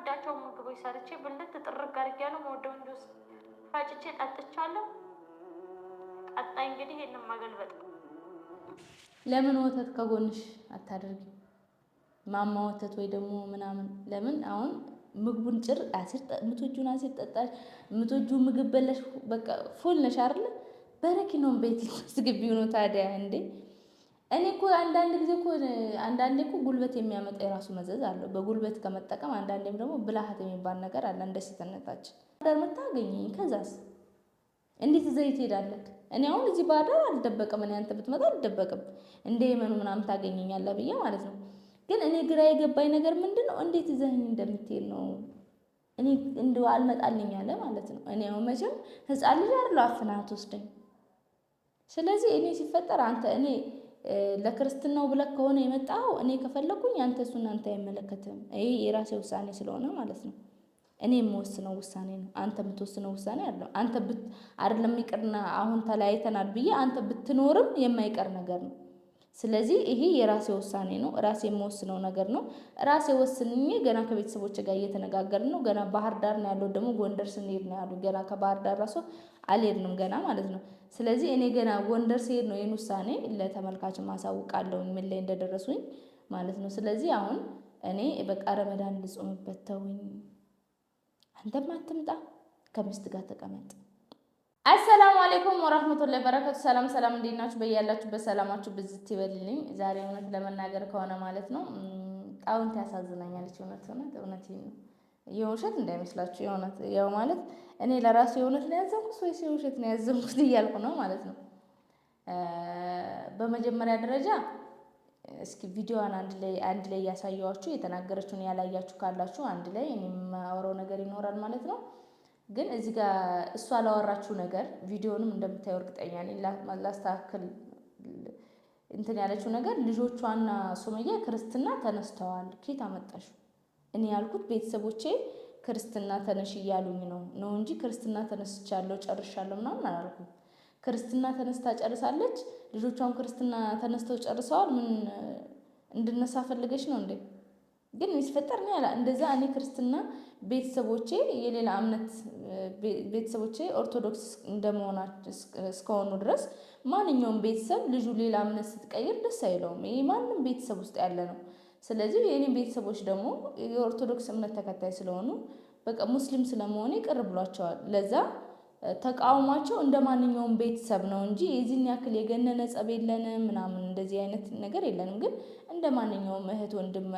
የምወዳቸው ምግቦች ሰርቼ ብልት ጥርግ አድርጊያለሁ። መወደውን ጁስ ፈጭቼ ጠጥቻለሁ። ቀጣይ እንግዲህ ይህንን ማገልበጥ ለምን ወተት ከጎንሽ አታደርጊ? ማማ ወተት ወይ ደግሞ ምናምን ለምን አሁን ምግቡን ጭር አሲር ምቶጁን አሲር ጠጣሽ፣ ምቶጁ ምግብ በለሽ፣ በቃ ፉል ነሽ አይደለ? በረኪናውን ቤት ስግቢው ነው ታዲያ እንዴ እኔ እኮ አንዳንድ ጊዜ እኮ አንዳንዴ እኮ ጉልበት የሚያመጣ የራሱ መዘዝ አለው። በጉልበት ከመጠቀም አንዳንዴም ደግሞ ብልሃት የሚባል ነገር አለ። እንደ ሴትነታችን ባህር ዳር ከዛስ እንዴት ዘይት ትሄዳለህ? እኔ አሁን እዚህ ባህር አልደበቅም። እኔ አንተ ብትመጣ አልደበቅም እንደ የመኑ ምናምን ታገኘኛለህ ብዬ ማለት ነው። ግን እኔ ግራ የገባኝ ነገር ምንድን ነው እንዴት ይዘህኝ እንደምትሄድ ነው። እኔ እንደው አልመጣልኛለ ማለት ነው። እኔ አሁን መቼም ህፃን ልጅ አይደለሁ አፍናት ወስደኝ። ስለዚህ እኔ ሲፈጠር አንተ እኔ ለክርስትናው ብለህ ከሆነ የመጣው እኔ ከፈለኩኝ አንተ እሱ እናንተ አይመለከትም። ይሄ የራሴ ውሳኔ ስለሆነ ማለት ነው። እኔ የምወስነው ውሳኔ ነው። አንተ የምትወስነው ውሳኔ አለ አንተ አይደለም ይቅርና አሁን ተለያይተናል ብዬ አንተ ብትኖርም የማይቀር ነገር ነው። ስለዚህ ይሄ የራሴ ውሳኔ ነው፣ ራሴ የምወስነው ነገር ነው። ራሴ ወስኜ ገና ከቤተሰቦች ጋር እየተነጋገርን ነው። ገና ባህር ዳር ነው ያለው፣ ደግሞ ጎንደር ስንሄድ ነው ያሉ። ገና ከባህር ዳር ራሱ አልሄድንም ገና ማለት ነው። ስለዚህ እኔ ገና ጎንደር ስሄድ ነው ይህን ውሳኔ ለተመልካች ማሳውቃለሁ፣ ምን ላይ እንደደረሱኝ ማለት ነው። ስለዚህ አሁን እኔ በቃ ረመዳን ልጾምበት ተውኝ፣ አንተም አትምጣ፣ ከሚስት ጋር ተቀመጥ አሰላሙ አሌይኩም ወረህመቱላሂ በረካቱ። ሰላም ሰላም፣ እንዴት ናችሁ? በያላችሁበት ሰላማችሁ ብዝት ይበልልኝ። ዛሬ እውነት ለመናገር ከሆነ ማለት ነው ጣውንት ያሳዝናኛለች። እውነት እውነት እውነት የውሸት እንዳይመስላችሁ የእውነት ያው ማለት እኔ ለራሱ የእውነት ነው ያዘንኩት ወይስ የውሸት ነው ያዘንኩት እያልኩ ነው ማለት ነው። በመጀመሪያ ደረጃ እስኪ ቪዲዮዋን አንድ ላይ አንድ ላይ እያሳየኋችሁ የተናገረችውን ያላያችሁ ካላችሁ አንድ ላይ እኔ የማወራው ነገር ይኖራል ማለት ነው። ግን እዚህ ጋር እሱ አላወራችው ነገር ቪዲዮንም እንደምታየው እርግጠኛ ነኝ። ላስተካክል እንትን ያለችው ነገር ልጆቿና ሱመያ ክርስትና ተነስተዋል። ኬት አመጣሽ? እኔ ያልኩት ቤተሰቦቼ ክርስትና ተነሽ እያሉኝ ነው ነው እንጂ ክርስትና ተነስቻለሁ ጨርሻለሁ ምናምን አላልኩም። ክርስትና ተነስታ ጨርሳለች። ልጆቿም ክርስትና ተነስተው ጨርሰዋል። ምን እንድነሳ ፈልገች ነው እንዴ? ግን የሚስፈጠር ነው ያላ እንደዛ እኔ ክርስትና ቤተሰቦቼ የሌላ እምነት ቤተሰቦቼ ኦርቶዶክስ እንደመሆና እስከሆኑ ድረስ ማንኛውም ቤተሰብ ልጁ ሌላ እምነት ስትቀይር ደስ አይለውም። ይህ ማንም ቤተሰብ ውስጥ ያለ ነው። ስለዚህ የኔም ቤተሰቦች ደግሞ የኦርቶዶክስ እምነት ተከታይ ስለሆኑ በቃ ሙስሊም ስለመሆኑ ቅር ብሏቸዋል ለዛ ተቃውሟቸው እንደ ማንኛውም ቤተሰብ ነው እንጂ የዚህን ያክል የገነነ ጸብ የለንም ምናምን እንደዚህ አይነት ነገር የለንም። ግን እንደ ማንኛውም እህት ወንድም፣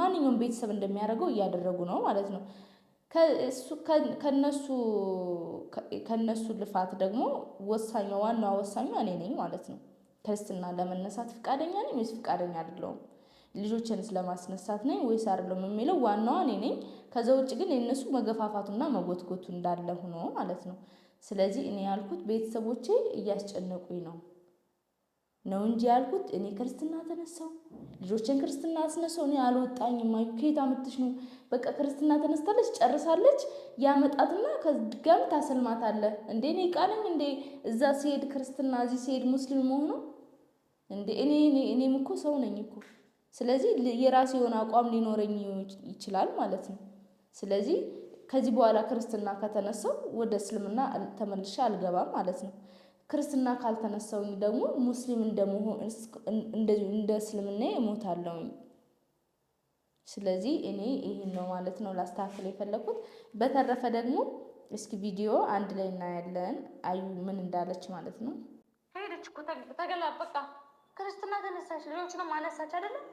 ማንኛውም ቤተሰብ እንደሚያደርገው እያደረጉ ነው ማለት ነው። ከነሱ ልፋት ደግሞ ወሳኛ ዋናዋ ወሳኛ እኔ ነኝ ማለት ነው። ክርስትና ለመነሳት ፍቃደኛ ነኝ ወይስ ፍቃደኛ አይደለሁም? ልጆችን ለማስነሳት ነኝ ወይስ አይደለም የሚለው ዋናዋ እኔ ነኝ። ከዛ ውጭ ግን የእነሱ መገፋፋቱና መጎትጎቱ እንዳለ ሆኖ ማለት ነው። ስለዚህ እኔ ያልኩት ቤተሰቦቼ እያስጨነቁኝ ነው ነው እንጂ ያልኩት እኔ ክርስትና ተነሳው ልጆችን ክርስትና አስነሳው እኔ አልወጣኝም። ከየት አመትሽ ነው? በቃ ክርስትና ተነስታለች ጨርሳለች። ያመጣትና ከድጋሚ አለ እንዴ? እኔ ቃለኝ እንዴ እዛ ሲሄድ ክርስትና እዚህ ሲሄድ ሙስሊም መሆኑ እንዴ? እኔ እኔም እኮ ሰው ነኝ እኮ ስለዚህ የራሴ የሆነ አቋም ሊኖረኝ ይችላል ማለት ነው። ስለዚህ ከዚህ በኋላ ክርስትና ከተነሳው ወደ እስልምና ተመልሼ አልገባም ማለት ነው። ክርስትና ካልተነሳውኝ ደግሞ ሙስሊም እንደመሆን እንደ እስልምና እሞታለሁኝ። ስለዚህ እኔ ይህን ነው ማለት ነው ላስተካክል የፈለኩት። በተረፈ ደግሞ እስኪ ቪዲዮ አንድ ላይ እናያለን፣ አዩ ምን እንዳለች ማለት ነው። ሄደች እኮ በቃ ክርስትና ተነሳች፣ ልጆች ነው ማነሳች አይደለም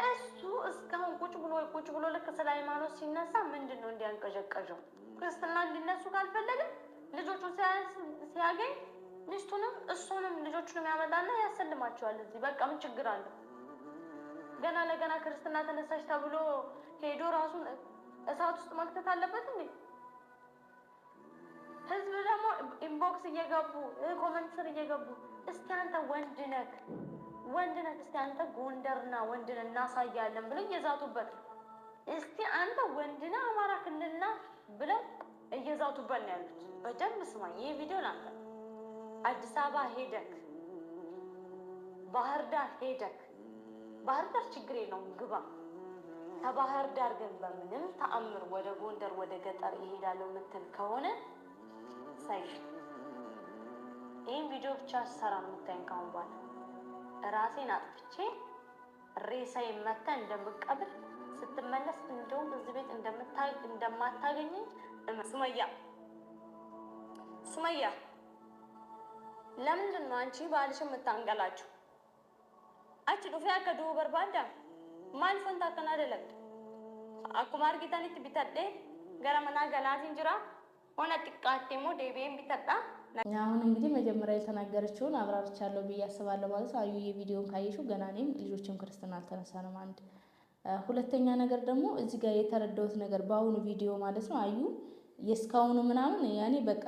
እሱ እስካሁን ቁጭ ብሎ ቁጭ ብሎ ልክ ስለ ሃይማኖት ሲነሳ ምንድን ነው እንዲያንቀዠቀዠው? ክርስትና እንዲነሱ ካልፈለግን ልጆቹን ሲያገኝ ሚስቱንም እሱንም ልጆቹንም ያመጣና ያሰልማቸዋል። እዚህ በቃ ምን ችግር አለው? ገና ለገና ክርስትና ተነሳሽ ተብሎ ሄዶ ራሱን እሳት ውስጥ መክተት አለበት እንዴ? ህዝብ ደግሞ ኢንቦክስ እየገቡ ኮመንት ስር እየገቡ እስኪ አንተ ወንድ ነህ ወንድነት እስቲ አንተ ጎንደርና ወንድን እናሳያለን ብለው እየዛቱበት ነው። እስቲ አንተ ወንድና አማራ ክልልና ብለው እየዛቱበት ነው ያሉት። በደንብ ስማኝ፣ ይህ ቪዲዮ ናንተ አዲስ አበባ ሄደክ ባህር ዳር ሄደክ፣ ባህር ዳር ችግር የለውም ግባ። ከባህር ዳር ግን በምንም ተአምር ወደ ጎንደር ወደ ገጠር ይሄዳለሁ የምትል ከሆነ ሳይሽ ይህን ቪዲዮ ብቻ ሰራ የምታይን ካሁን በኋላ ራሴን አጥፍቼ ሬሳዬ መታ እንደምቀብር ስትመለስ እንደውም እዚህ ቤት እንደማታገኘኝ ሱመያ ሱመያ ለምንድን ነው አንቺ ባልሽ የምታንገላችሁ? አች ዱፊያ ከዱ በርባዳ ማል ፈንታተን አደለም አኩማ አርጊታኒት ቢተዴ ገረመና ገላትን ጅራ ሆነ ጥቃቴሞ ዴቤን ቢተዳ አሁን እንግዲህ መጀመሪያ የተናገረችውን አብራርቻለሁ ብዬ አስባለሁ ማለት ነው። አዩ የቪዲዮን ካየሽው ገና እኔም ልጆችም ክርስትና አልተነሳንም። አንድ ሁለተኛ ነገር ደግሞ እዚህ ጋር የተረዳሁት ነገር በአሁኑ ቪዲዮ ማለት ነው አዩ የእስካሁኑ ምናምን ያኔ በቃ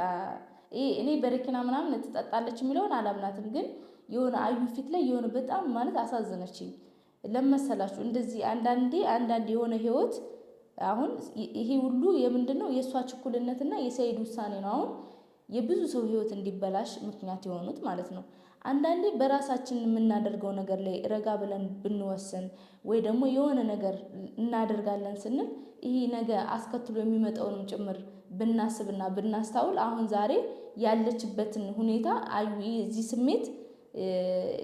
እኔ በረኪና ምናምን ትጠጣለች የሚለውን አላምናትም፣ ግን የሆነ አዩ ፊት ላይ የሆነ በጣም ማለት አሳዘነችኝ። ለመሰላችሁ እንደዚህ አንዳንዴ አንዳንድ የሆነ ህይወት አሁን ይሄ ሁሉ የምንድን ነው የእሷ ችኩልነትና የሰይድ ውሳኔ ነው አሁን የብዙ ሰው ህይወት እንዲበላሽ ምክንያት የሆኑት ማለት ነው። አንዳንዴ በራሳችን የምናደርገው ነገር ላይ ረጋ ብለን ብንወስን ወይ ደግሞ የሆነ ነገር እናደርጋለን ስንል ይህ ነገ አስከትሎ የሚመጣውንም ጭምር ብናስብና ብናስታውል አሁን ዛሬ ያለችበትን ሁኔታ አዩ የዚህ ስሜት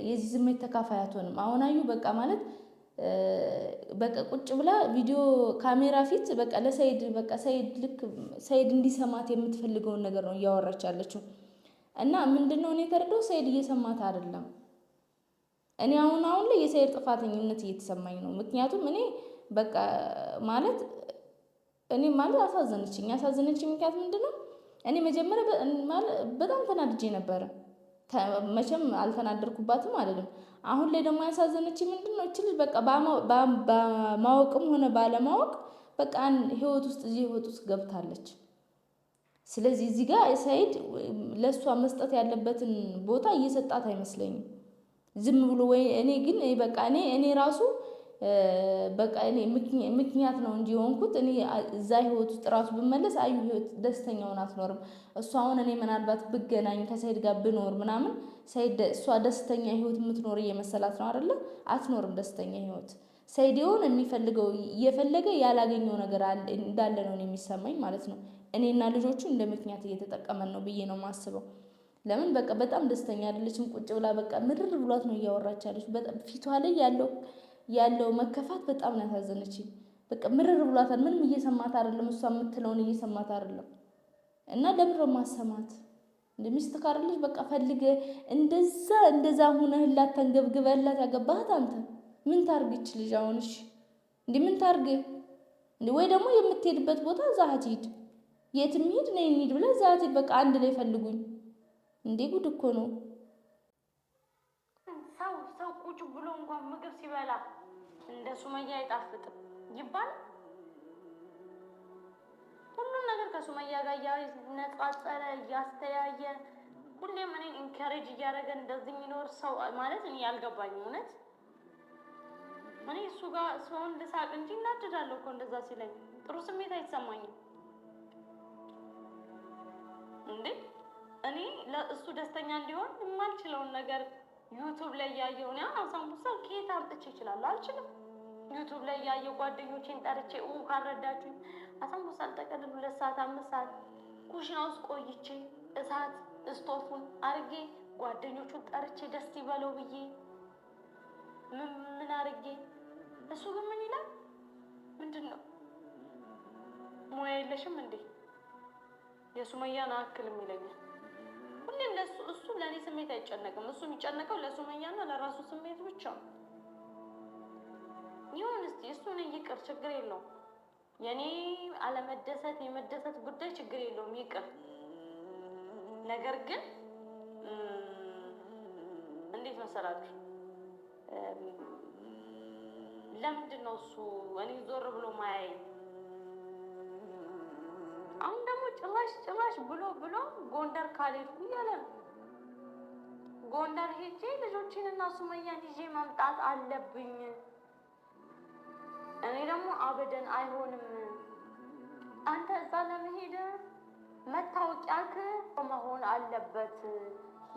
የዚህ ስሜት ተካፋይ አትሆንም። አሁን አዩ በቃ ማለት በቃ ቁጭ ብላ ቪዲዮ ካሜራ ፊት በቃ ለሰይድ በቃ ሰይድ ልክ ሰይድ እንዲሰማት የምትፈልገውን ነገር ነው እያወራች ያለችው። እና ምንድነው እኔ የተረዳው ሰይድ እየሰማት አይደለም። እኔ አሁን አሁን ላይ የሰይድ ጥፋተኝነት እየተሰማኝ ነው። ምክንያቱም እኔ በቃ ማለት እኔ ማለት አሳዘነችኝ። ያሳዘነችኝ ምክንያት ምንድነው እኔ መጀመሪያ በጣም ተናድጄ ነበረ መቼም አልተናደርኩባትም አልልም። አሁን ላይ ደግሞ ያሳዘነች ምንድን ነው እችል በቃ ማወቅም ሆነ ባለማወቅ በቃ ህይወት ውስጥ እዚህ ህይወት ውስጥ ገብታለች። ስለዚህ እዚህ ጋር ሰይድ ለእሷ መስጠት ያለበትን ቦታ እየሰጣት አይመስለኝም። ዝም ብሎ ወይ እኔ ግን በቃ እኔ እኔ ራሱ በቃ እኔ ምክንያት ነው እንጂ የሆንኩት እኔ እዛ ህይወት ውስጥ ራሱ ብመለስ አዩ ህይወት ደስተኛውን አትኖርም። እሷ አሁን እኔ ምናልባት ብገናኝ ከሰይድ ጋር ብኖር ምናምን ሰይድ እሷ ደስተኛ ህይወት የምትኖር እየመሰላት ነው አይደለ? አትኖርም ደስተኛ ህይወት። ሰይድ የሆነ የሚፈልገው እየፈለገ ያላገኘው ነገር እንዳለ ነው የሚሰማኝ ማለት ነው። እኔና ልጆቹ እንደ ምክንያት እየተጠቀመን ነው ብዬ ነው የማስበው። ለምን በቃ በጣም ደስተኛ አይደለችም። ቁጭ ብላ በቃ ምድር ብሏት ነው እያወራች ያለች ፊቷ ላይ ያለው ያለው መከፋት በጣም ነው ያሳዘነችኝ። በቃ ምርር ብሏታል። ምንም እየሰማት አይደለም። እሷ የምትለውን እየሰማት አይደለም። እና ለምሮ ማሰማት ሚስት ካረለች በቃ ፈልገ እንደዛ እንደዛ ሁነህላት ተንገብግበህላት ያገባህት አንተ ምን ታርግች ልጅ አሁንሽ እንዴ ምን ታርግ እንዴ ወይ ደግሞ የምትሄድበት ቦታ እዛ አትሂድ፣ የትም ሂድ ነይ እንሂድ ብለህ እዛ አትሂድ። በቃ አንድ ላይ ፈልጉኝ። እንዴ ጉድ እኮ ነው ሰው ሰው ቁጭ ብሎ እንኳን ምግብ ሲበላ እንደ ሱመያ አይጣፍጥም ይባል ሁሉም ነገር ከሱመያ ጋር እያነጻጸረ እያስተያየ ሁሌም እኔን ኢንካሬጅ እያደረገ እንደዚህ የሚኖር ሰው ማለት እኔ ያልገባኝ እውነት እኔ እሱ ጋር ሰውን ልሳቅ እንጂ እናድዳለሁ እኮ እንደዛ ሲለኝ ጥሩ ስሜት አይሰማኝም እንዴ እኔ ለእሱ ደስተኛ እንዲሆን የማልችለውን ነገር ዩቱብ ላይ ያየውን ያ አሳምቡሳ ከየት አምጥቼ ይችላል አልችልም ዩቱብ ላይ ያየው ጓደኞቼን ጠርቼ ኡ ካረዳችሁ አሳምቡሳ አልጠቀልል ሁለት ሰዓት አምስት ሰዓት ኩሽና ውስጥ ቆይቼ እሳት እስቶፉን አርጌ ጓደኞቹን ጠርቼ ደስ ይበለው ብዬ ምን ምን አርጌ እሱ ግን ምን ይላል? ምንድን ነው ሙያ የለሽም እንዴ? የሱመያን አክልም ይለኛል። ሁሌም ለሱ እሱ ለእኔ ስሜት አይጨነቅም። እሱ የሚጨነቀው ለሱመያና ለራሱ ስሜት ብቻ ነው። ይሁን እስቲ እሱን ይቅር፣ ችግር የለውም። የኔ አለመደሰት የመደሰት ጉዳይ ችግር የለውም፣ ይቅር። ነገር ግን እንዴት መሰላችሁ ለምንድን ነው እሱ እኔ ዞር ብሎ ማያይ? አሁን ደግሞ ጭራሽ ጭራሽ ብሎ ብሎ ጎንደር ካልሄድኩ እያለ ነው። ጎንደር ሄጄ ልጆችን እና ሱመያን ይዤ መምጣት አለብኝ። እኔ ደግሞ አበደን አይሆንም። አንተ እዛ ለመሄድ መታወቂያክ መሆን አለበት።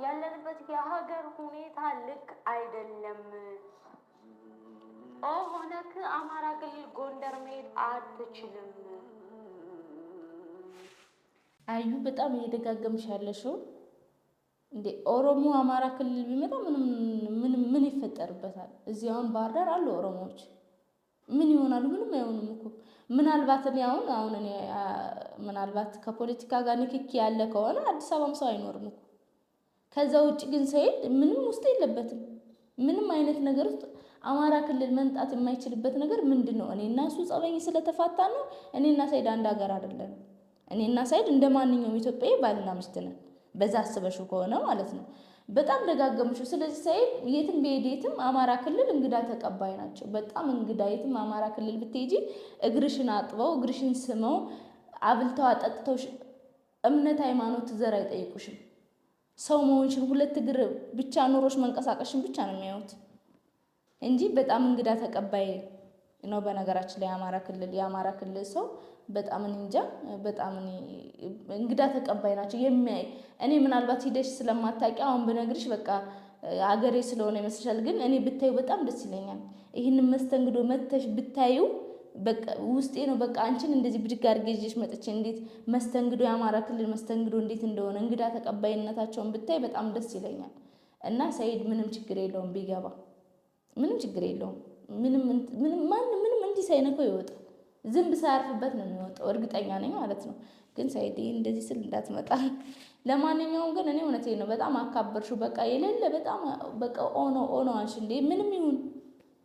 ያለንበት የሀገር ሁኔታ ልክ አይደለም። ኦ ሆነክ አማራ ክልል ጎንደር መሄድ አትችልም። አዩ በጣም እየደጋገምሽ ያለሽው እንዴ ኦሮሞ አማራ ክልል ቢመጣ ምን ምን ይፈጠርበታል? እዚህ አሁን ባህር ዳር አሉ ኦሮሞዎች ምን ይሆናሉ? ምንም አይሆኑም እኮ ምናልባት እኔ አሁን አሁን እኔ ምናልባት ከፖለቲካ ጋር ንክኪ ያለ ከሆነ አዲስ አበባም ሰው አይኖርም እኮ። ከዛ ውጭ ግን ሰይድ ምንም ውስጥ የለበትም። ምንም አይነት ነገር ውስጥ አማራ ክልል መምጣት የማይችልበት ነገር ምንድን ነው? እኔና እሱ ጸበኝ ስለተፋታ ነው። እኔና ሳይድ አንድ ሀገር አይደለም። እኔና ሳይድ እንደ ማንኛውም ኢትዮጵያዊ ባልና ሚስት ነን። በዛ አስበሽው ከሆነ ማለት ነው በጣም ደጋገመችው። ስለዚህ ሳይድ የትም ብሄድ የትም አማራ ክልል እንግዳ ተቀባይ ናቸው። በጣም እንግዳ የትም አማራ ክልል ብትሄጂ እግርሽን አጥበው እግርሽን ስመው አብልተው አጠጥተው እምነት ሃይማኖት፣ ዘር አይጠይቁሽም። ሰው መሆንሽን ሁለት እግር ብቻ ኑሮሽ መንቀሳቀስሽን ብቻ ነው የሚያዩት እንጂ በጣም እንግዳ ተቀባይ ነው። በነገራችን ላይ የአማራ ክልል የአማራ ክልል ሰው በጣም እኔ እንጃ በጣም እኔ እንግዳ ተቀባይ ናቸው የሚያይ እኔ ምናልባት ሂደሽ ስለማታውቂ አሁን ብነግርሽ በቃ አገሬ ስለሆነ ይመስልሻል፣ ግን እኔ ብታዩ በጣም ደስ ይለኛል። ይህንን መስተንግዶ መተሽ ብታዩ ውስጤ ነው በቃ አንቺን እንደዚህ ብድግ አድርጌ ይዤሽ መጥቼ እንዴት መስተንግዶ የአማራ ክልል መስተንግዶ እንዴት እንደሆነ እንግዳ ተቀባይነታቸውን ብታይ በጣም ደስ ይለኛል። እና ሰይድ ምንም ችግር የለውም ቢገባ ምንም ችግር የለውም። ምንም ምንም ማንም ምንም እንዲህ ሳይነካው ይወጣ። ዝንብ ሳያርፍበት ነው የሚወጣው፣ እርግጠኛ ነኝ ማለት ነው። ግን ሳይዴ እንደዚህ ስል እንዳትመጣ። ለማንኛውም ግን እኔ እውነቴ ነው፣ በጣም አካበርሽው። በቃ የሌለ በጣም በቃ ኦኖ ኦኖ አንሽ እንዴ! ምንም ይሁን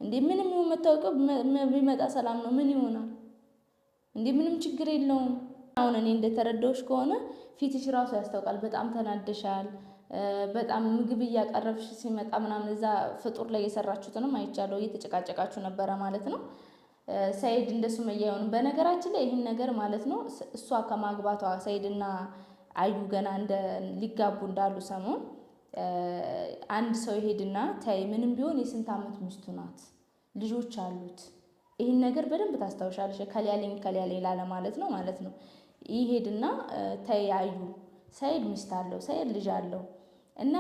እንዴ ምንም ይሁን መታወቂያው ቢመጣ ሰላም ነው። ምን ይሆናል እንዴ? ምንም ችግር የለውም። አሁን እኔ እንደተረዳሁሽ ከሆነ ፊትሽ ራሱ ያስታውቃል። በጣም ተናደሻል። በጣም ምግብ እያቀረብሽ ሲመጣ ምናምን እዛ ፍጡር ላይ የሰራችሁትንም አይቻለሁ። እየተጨቃጨቃችሁ ነበረ ማለት ነው። ሰይድ እንደ ሱመያ አይሆንም። በነገራችን ላይ ይህን ነገር ማለት ነው እሷ ከማግባቷ ሰይድና አዩ ገና እንደ ሊጋቡ እንዳሉ ሰሞን አንድ ሰው ይሄድና ታይ ምንም ቢሆን የስንት ዓመት ሚስቱ ናት፣ ልጆች አሉት። ይህን ነገር በደንብ ታስታውሻለሽ። ከሊያለኝ ከሊያለኝ ላለ ማለት ነው ማለት ነው ይሄድና ታይ አዩ ሰይድ ሚስት አለው ሰይድ ልጅ አለው እና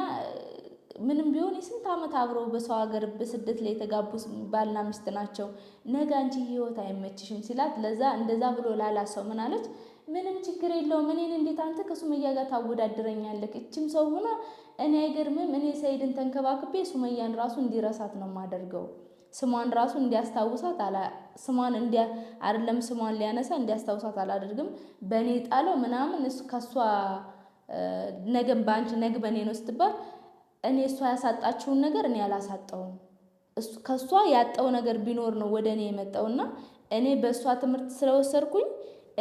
ምንም ቢሆን የስንት ዓመት አብረው በሰው ሀገር በስደት ላይ የተጋቡ ባልና ሚስት ናቸው። ነገ አንቺ ህይወት አይመችሽም ሲላት ለዛ እንደዛ ብሎ ላላ ሰው ምን አለች? ምንም ችግር የለውም እኔን እንዴት አንተ ከሱመያ ጋር ታወዳድረኛለህ? እችም ሰው ሆና እኔ አይገርምም። እኔ ሰይድን ተንከባክቤ ሱመያን ራሱ እንዲረሳት ነው የማደርገው። ስሟን ራሱ እንዲያስታውሳት ስሟን እንዲያ አይደለም ስሟን ሊያነሳ እንዲያስታውሳት አላደርግም። በእኔ ጣለው ምናምን ከሷ ነገም በአንቺ ነግ በእኔ ነው ስትባል እኔ እሷ ያሳጣችውን ነገር እኔ አላሳጣውም። ከእሷ ያጣው ነገር ቢኖር ነው ወደ እኔ የመጣውና እኔ በእሷ ትምህርት ስለወሰድኩኝ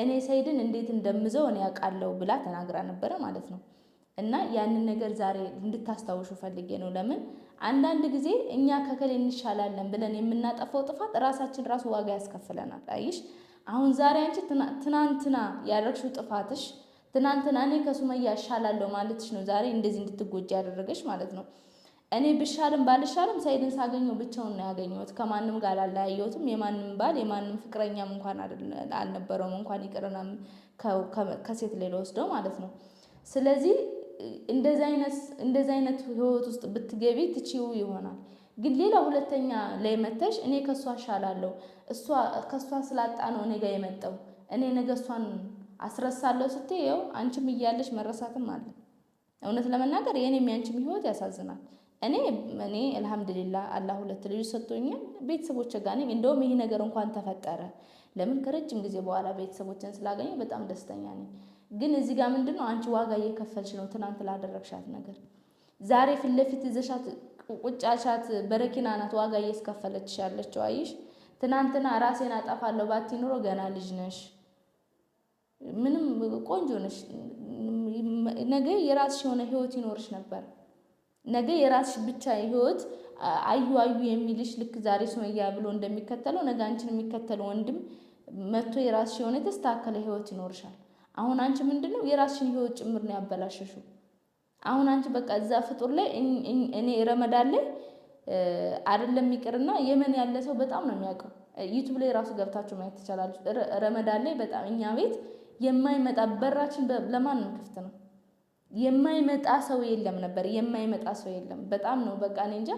እኔ ሰይድን እንዴት እንደምዘው እኔ ያውቃለሁ ብላ ተናግራ ነበረ ማለት ነው። እና ያንን ነገር ዛሬ እንድታስታውሹ ፈልጌ ነው። ለምን አንዳንድ ጊዜ እኛ ከከሌ እንሻላለን ብለን የምናጠፋው ጥፋት ራሳችን ራሱ ዋጋ ያስከፍለናል። አይሽ አሁን ዛሬ አንቺ ትናንትና ያደረግሽው ጥፋትሽ ትናንትና እኔ ከሱመያ እሻላለሁ ማለትሽ ነው ዛሬ እንደዚህ እንድትጎጂ ያደረገች ማለት ነው። እኔ ብሻልም ባልሻልም ሳይድን ሳገኘው ብቻውን ነው ያገኘሁት። ከማንም ጋር አላያየሁትም። የማንም ባል የማንም ፍቅረኛም እንኳን አልነበረውም። እንኳን ይቅርና ከሴት ሌላ ወስደው ማለት ነው። ስለዚህ እንደዚህ አይነት ህይወት ውስጥ ብትገቢ ትችው ይሆናል። ግን ሌላ ሁለተኛ ላይ መተሽ እኔ ከእሷ እሻላለሁ ከእሷ ስላጣ ነው እኔ ጋ የመጣው እኔ ነገ እሷን አስረሳለሁ ስትይ ያው አንቺም እያለሽ መረሳትም አለ። እውነት ለመናገር የኔም ያንቺም ህይወት ያሳዝናል። እኔ እኔ አልሐምዱሊላ አላህ ሁለት ልጅ ሰጥቶኛል። ቤተሰቦች ጋር ነኝ። እንደውም ይህ ነገር እንኳን ተፈጠረ ለምን ከረጅም ጊዜ በኋላ ቤተሰቦችን ስላገኘ በጣም ደስተኛ ነኝ። ግን እዚህ ጋር ምንድን ነው አንቺ ዋጋ እየከፈልሽ ነው፣ ትናንት ላደረግሻት ነገር። ዛሬ ፊት ለፊት ይዘሻት ቁጫሻት በረኪና ናት ዋጋ እያስከፈለች ያለችው አይሽ። ትናንትና ራሴን አጠፋለሁ ባቲ ኑሮ ገና ልጅ ነሽ ምንም ቆንጆ ነሽ። ነገ የራስሽ የሆነ ህይወት ይኖርሽ ነበር። ነገ የራስሽ ብቻ ህይወት አዩ አዩ የሚልሽ ልክ ዛሬ ሱመያ ብሎ እንደሚከተለው ነገ አንቺን የሚከተለው ወንድም መጥቶ የራስሽ የሆነ የተስተካከለ ህይወት ይኖርሻል። አሁን አንቺ ምንድን ነው የራስሽን ህይወት ጭምር ነው ያበላሸሽው። አሁን አንቺ በቃ እዛ ፍጡር ላይ እኔ ረመዳን ላይ አይደለም ይቅርና የመን ያለ ሰው በጣም ነው የሚያውቀው። ዩቱብ ላይ ራሱ ገብታችሁ ማየት ትችላላችሁ። ረመዳን ላይ በጣም እኛ ቤት የማይመጣ በራችን ለማንም ክፍት ነው። የማይመጣ ሰው የለም ነበር የማይመጣ ሰው የለም። በጣም ነው በቃ እኔ እንጃ።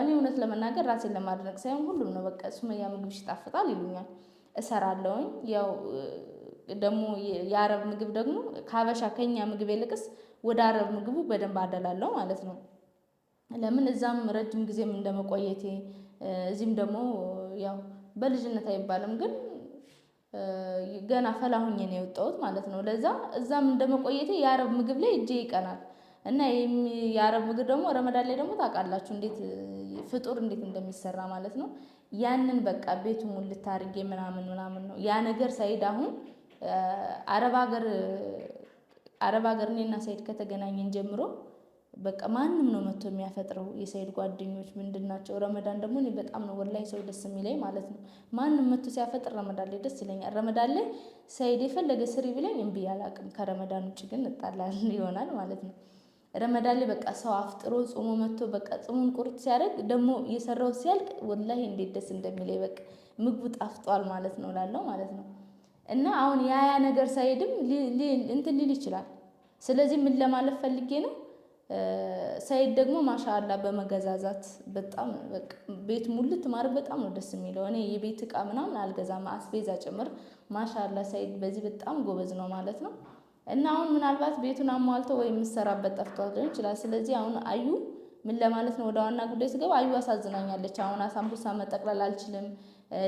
እኔ እውነት ለመናገር ራሴን ለማድነቅ ሳይሆን ሁሉም ነው በቃ ሱመያ ምግብ ይጣፍጣል ይሉኛል። እሰራለሁኝ። ያው ደግሞ የአረብ ምግብ ደግሞ ከሀበሻ ከኛ ምግብ ይልቅስ ወደ አረብ ምግቡ በደንብ አደላለሁ ማለት ነው። ለምን እዛም ረጅም ጊዜም እንደመቆየቴ እዚህም ደግሞ ያው በልጅነት አይባልም ግን ገና ፈላሁኝ ነው የወጣሁት ማለት ነው። ለዛ እዛም እንደመቆየቴ የአረብ ምግብ ላይ እጄ ይቀናል እና ይህም የአረብ ምግብ ደግሞ ረመዳን ላይ ደግሞ ታውቃላችሁ እንዴት ፍጡር እንዴት እንደሚሰራ ማለት ነው። ያንን በቃ ቤቱ ሙሉ አድርጌ ምናምን ምናምን ነው ያ ነገር ሳይድ አሁን አረብ ሀገር አረብ ሀገር እኔና ሳይድ ከተገናኘን ጀምሮ በቃ ማንም ነው መጥቶ የሚያፈጥረው። የሰይድ ጓደኞች ምንድን ናቸው? ረመዳን ደግሞ እኔ በጣም ነው ወላሂ ሰው ደስ የሚለኝ ማለት ነው። ማንም መጥቶ ሲያፈጥር ረመዳን ላይ ደስ ይለኛል። ረመዳን ላይ ሰይድ የፈለገ ስሪ ብለኝ እምቢ አላቅም። ከረመዳን ውጭ ግን እጣላል ይሆናል ማለት ነው። ረመዳን ላይ በቃ ሰው አፍጥሮ ጾሞ መጥቶ በቃ ጽሙን ቁርጥ ሲያደርግ ደግሞ እየሰራው ሲያልቅ ወላሂ እንዴት ደስ እንደሚለኝ በቃ ምግቡ ጣፍጧል ማለት ነው ላለው ማለት ነው። እና አሁን ያያ ነገር ሳይድም እንትን ሊል ይችላል። ስለዚህ ምን ለማለፍ ፈልጌ ነው ሰይድ ደግሞ ማሻአላ በመገዛዛት በጣም ቤት ሙልት ማድረግ በጣም ነው ደስ የሚለው። እኔ የቤት እቃ ምናምን አልገዛም አስቤዛ ጭምር። ማሻአላ ሰይድ በዚህ በጣም ጎበዝ ነው ማለት ነው። እና አሁን ምናልባት ቤቱን አሟልቶ ወይ የምሰራበት ጠፍቷል ሊሆን ይችላል። ስለዚህ አሁን አዩ ምን ለማለት ነው ወደ ዋና ጉዳይ ስገባ አዩ አሳዝናኛለች። አሁን አሳምቡሳ መጠቅለል አልችልም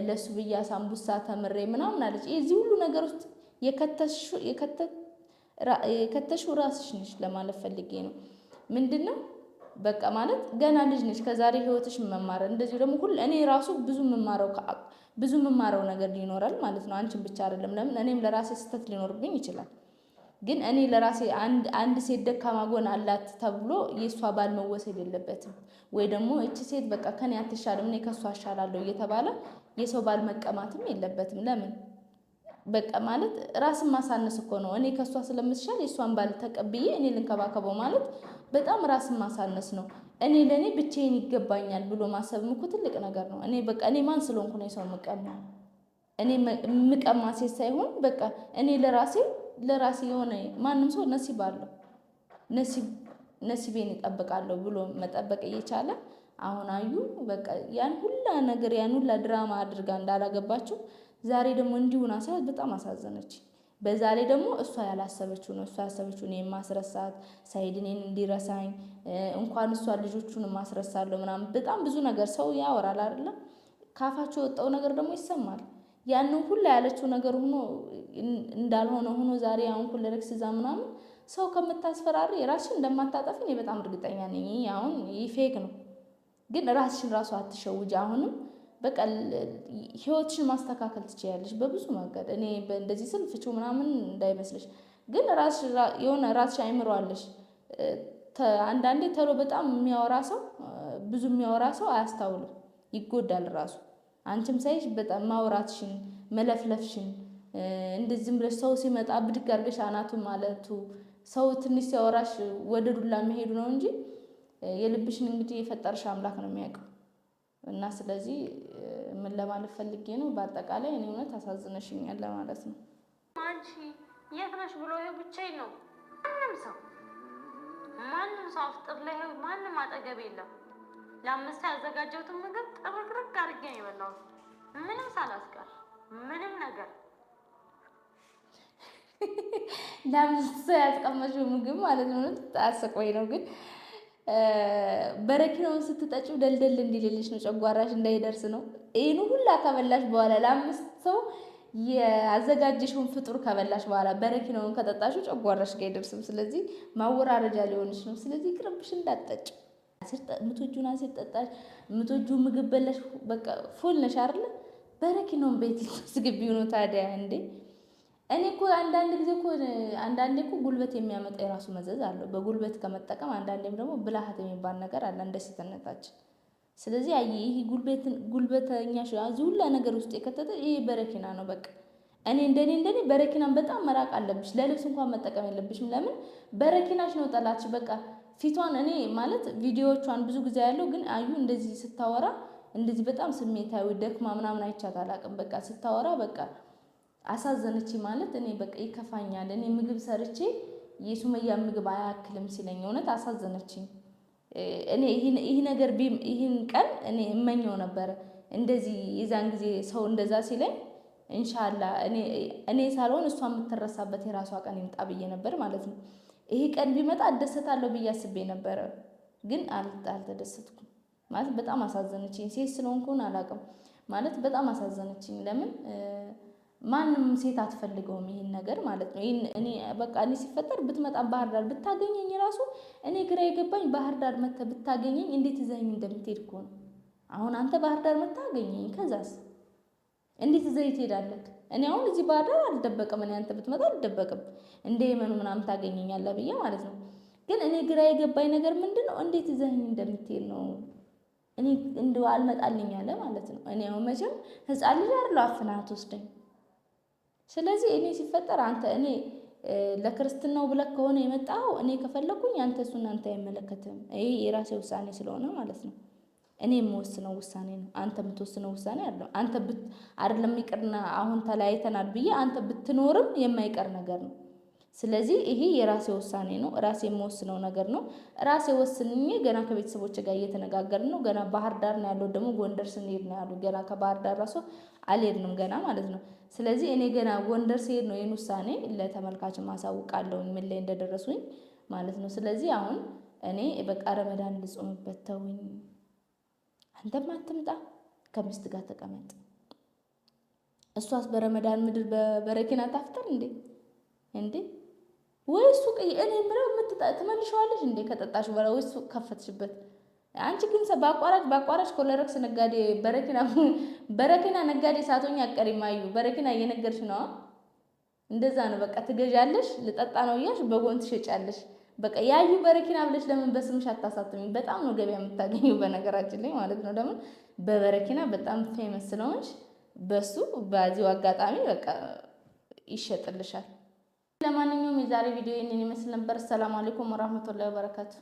ለሱ ብዬ አሳምቡሳ ተምሬ ምናምን አለች። የዚህ ሁሉ ነገር ውስጥ የከተሹ ራስሽ ነች ለማለት ፈልጌ ነው። ምንድን ነው በቃ ማለት ገና ልጅ ነች። ከዛሬ ህይወትሽ መማር እንደዚሁ ደግሞ ሁሉ እኔ ራሱ ብዙ የምማረው ብዙ የምማረው ነገር ሊኖራል ማለት ነው። አንቺን ብቻ አይደለም። ለምን እኔም ለራሴ ስህተት ሊኖርብኝ ይችላል። ግን እኔ ለራሴ አንድ ሴት ደካማ ጎን አላት ተብሎ የእሷ ባል መወሰድ የለበትም። ወይ ደግሞ እቺ ሴት በቃ ከኔ አትሻልም እኔ ከእሷ አሻላለሁ እየተባለ የሰው ባል መቀማትም የለበትም። ለምን በቃ ማለት ራስን ማሳነስ እኮ ነው። እኔ ከእሷ ስለምትሻል የእሷን ባል ተቀብዬ እኔ ልንከባከበው ማለት በጣም ራስን ማሳነስ ነው። እኔ ለእኔ ብቻዬን ይገባኛል ብሎ ማሰብም እኮ ትልቅ ነገር ነው። እኔ በቃ እኔ ማን ስለሆንኩ ነው የሰው ምቀማ እኔ ምቀማ ሴት ሳይሆን በቃ እኔ ለራሴ ለራሴ የሆነ ማንም ሰው ነሲብ አለው ነሲቤን ይጠብቃለሁ ብሎ መጠበቅ እየቻለ አሁን አዩ በቃ ያን ሁላ ነገር ያን ሁላ ድራማ አድርጋ እንዳላገባችው ዛሬ ደግሞ እንዲሁን አሳያት። በጣም አሳዘነች። በዛ ላይ ደግሞ እሷ ያላሰበችው ነው። እሷ ያሰበችው እኔን ማስረሳት ሳይድ እኔን እንዲረሳኝ እንኳን እሷ ልጆቹን ማስረሳለሁ ምናምን በጣም ብዙ ነገር ሰው ያወራል አይደለም። ካፋቸው የወጣው ነገር ደግሞ ይሰማል። ያንን ሁላ ያለችው ነገር ሆኖ እንዳልሆነ ሆኖ ዛሬ አሁን ኩለረክስ እዛ ምናምን ሰው ከምታስፈራሪ ራስሽን እንደማታጠፊ እኔ በጣም እርግጠኛ ነኝ። አሁን ይህ ፌክ ነው፣ ግን ራስሽን ራሱ አትሸውጅ አሁንም በቃ ህይወትሽን ማስተካከል ትችያለሽ በብዙ መንገድ። እኔ እንደዚህ ስል ፍቺው ምናምን እንዳይመስልሽ፣ ግን የሆነ ራስሽ አይምሮ አለሽ። አንዳንዴ ተሎ በጣም የሚያወራ ሰው ብዙ የሚያወራ ሰው አያስታውልም፣ ይጎዳል ራሱ። አንቺም ሳይሽ በጣም ማውራትሽን መለፍለፍሽን እንደዚህ ዝም ብለሽ ሰው ሲመጣ ብድግ አድርገሽ አናቱ ማለቱ ሰው ትንሽ ሲያወራሽ ወደ ዱላ መሄዱ ነው እንጂ የልብሽን እንግዲህ የፈጠርሽ አምላክ ነው የሚያውቀው። እና ስለዚህ ምን ለማለት ፈልጌ ነው፣ በአጠቃላይ እኔ እውነት አሳዝነሽኛል ለማለት ነው። አንቺ የት ነሽ ብሎ ይኸው ብቻዬን ነው። ማንም ሰው ማንም ሰው አፍጥር ላይ ማንም አጠገብ የለም። ለአምስት ያዘጋጀሁትን ምግብ ጥርቅርቅ አድርጌ ነው የበላሁት፣ ምንም ሳላስቀር ምንም ነገር ለአምስት ሰው ያስቀመሽው ምግብ ማለት ነው። ታስቆይ ነው ግን በረኪናውን ስትጠጪው ደልደል እንዲልልሽ ነው፣ ጨጓራሽ እንዳይደርስ ነው። ይህን ሁላ ከበላሽ በኋላ ለአምስት ሰው የአዘጋጀሽውን ፍጡር ከበላሽ በኋላ በረኪናውን ከጠጣሽው ጨጓራሽ ጋር አይደርስም። ስለዚህ ማወራረጃ ሊሆንሽ ነው። ስለዚህ ቅርብሽ እንዳትጠጪ። ምቶጁን አሴት ጠጣሽ፣ ምቶጁ ምግብ በላሽ፣ በቃ ፉል ነሽ አይደለ? በረኪናውን ቤት ስግቢ ነው ታዲያ እንዴ እኔ እኮ አንዳንድ ጊዜ እኮ አንዳንዴ እኮ ጉልበት የሚያመጣ የራሱ መዘዝ አለው። በጉልበት ከመጠቀም አንዳንዴም ደግሞ ብልሃት የሚባል ነገር አለ እንደ ሴትነታችን። ስለዚህ አየ ይህ ጉልበተኛ ሁላ ነገር ውስጥ የከተተ ይሄ በረኪና ነው። በቃ እኔ እንደኔ እንደኔ በረኪናን በጣም መራቅ አለብሽ። ለልብስ እንኳን መጠቀም የለብሽም። ለምን በረኪናሽ ነው ጠላትሽ። በቃ ፊቷን እኔ ማለት ቪዲዮዎቿን ብዙ ጊዜ ያለው ግን አዩ እንደዚህ ስታወራ እንደዚህ በጣም ስሜታዊ ደክማ ምናምን አይቻት አላውቅም። በቃ ስታወራ በቃ አሳዘነች ማለት እኔ በቃ ይከፋኛል። እኔ ምግብ ሰርቼ የሱመያ ምግብ አያክልም ሲለኝ እውነት አሳዘነችኝ። እኔ ይህ ነገር ይህን ቀን እኔ እመኘው ነበረ። እንደዚህ የዛን ጊዜ ሰው እንደዛ ሲለኝ እንሻላ እኔ ሳልሆን እሷ የምትረሳበት የራሷ ቀን ይምጣ ብዬ ነበር ማለት ነው። ይሄ ቀን ቢመጣ እደሰታለሁ ብዬ አስቤ ነበረ፣ ግን አልተደሰትኩም ማለት በጣም አሳዘነችኝ። ሴት ስለሆንኩን አላውቅም ማለት በጣም አሳዘነችኝ። ለምን ማንም ሴት አትፈልገውም ይህን ነገር ማለት ነው። እኔ በቃ እኔ ሲፈጠር ብትመጣ ባህር ዳር ብታገኘኝ ራሱ እኔ ግራ የገባኝ ባህር ዳር መጥተህ ብታገኘኝ እንዴት ይዘኸኝ እንደምትሄድ እኮ ነው። አሁን አንተ ባህር ዳር መጥተህ አገኘኝ፣ ከዛስ እንዴት ይዘኸኝ ትሄዳለህ? እኔ አሁን እዚህ ባህር ዳር አልደበቅም፣ እኔ አንተ ብትመጣ አልደበቅም፣ እንደ የመኑ ምናምን ታገኘኛለህ ብዬ ማለት ነው። ግን እኔ ግራ የገባኝ ነገር ምንድን ነው እንዴት ይዘኸኝ እንደምትሄድ ነው። እኔ እንደው አልመጣልኝ አለ ማለት ነው። እኔ አሁን መቼም ህፃን ልጅ አርለ አፍናት ወስደኝ ስለዚህ እኔ ሲፈጠር አንተ እኔ ለክርስትናው ብለህ ከሆነ የመጣው እኔ ከፈለኩኝ አንተ እሱን አንተ አይመለከትም። ይሄ የራሴ ውሳኔ ስለሆነ ማለት ነው። እኔ የምወስነው ውሳኔ ነው። አንተ የምትወስነው ውሳኔ አለ አንተ አይደለም ይቅርና አሁን ተለያይተናል ብዬ አንተ ብትኖርም የማይቀር ነገር ነው። ስለዚህ ይሄ የራሴ ውሳኔ ነው። ራሴ የምወስነው ነገር ነው። ራሴ ወስንኝ። ገና ከቤተሰቦች ጋር እየተነጋገርን ነው። ገና ባህር ዳር ነው ያለው ደግሞ ጎንደር ስንሄድ ነው ያሉ ገና ከባህር ዳር ራሱ አልሄድንም ገና ማለት ነው። ስለዚህ እኔ ገና ጎንደር ስሄድ ነው ይህን ውሳኔ ለተመልካች ማሳውቃለሁ ምን ላይ እንደደረሱኝ ማለት ነው። ስለዚህ አሁን እኔ በቃ ረመዳን ልጾምበት ተውኝ፣ አንተም አትምጣ፣ ከሚስት ጋር ተቀመጥ። እሷስ በረመዳን ምድር በበረኪና ታፍጠር እንዴ እንዴ ወይ ሱቅ እኔ ምለው የምትመልሸዋለሽ እንዴ ከጠጣሽ በኋላ ወይ ሱቅ ከፈትሽበት አንቺ ግን በአቋራጭ በአቋራጭ ኮለረክስ ነጋዴ በረኪና በረኪና ነጋዴ ሳቶኝ አቀሪም ማዩ በረኪና እየነገርሽ ነው። እንደዛ ነው በቃ ትገዣለሽ፣ ልጠጣ ነው እያልሽ በጎን ትሸጫለሽ። በቃ ያዩ በረኪና ብለሽ ለምን በስምሽ አታሳትሚ? በጣም ነው ገበያ የምታገኘው በነገራችን ላይ ማለት ነው። ደግሞ በበረኪና በጣም ፌመስ ስለሆንሽ በሱ በዚሁ አጋጣሚ በቃ ይሸጥልሻል። ለማንኛውም የዛሬ ቪዲዮ ይህንን ይመስል ነበር። ሰላም አለይኩም ወራህመቱላሂ ወበረካቱ።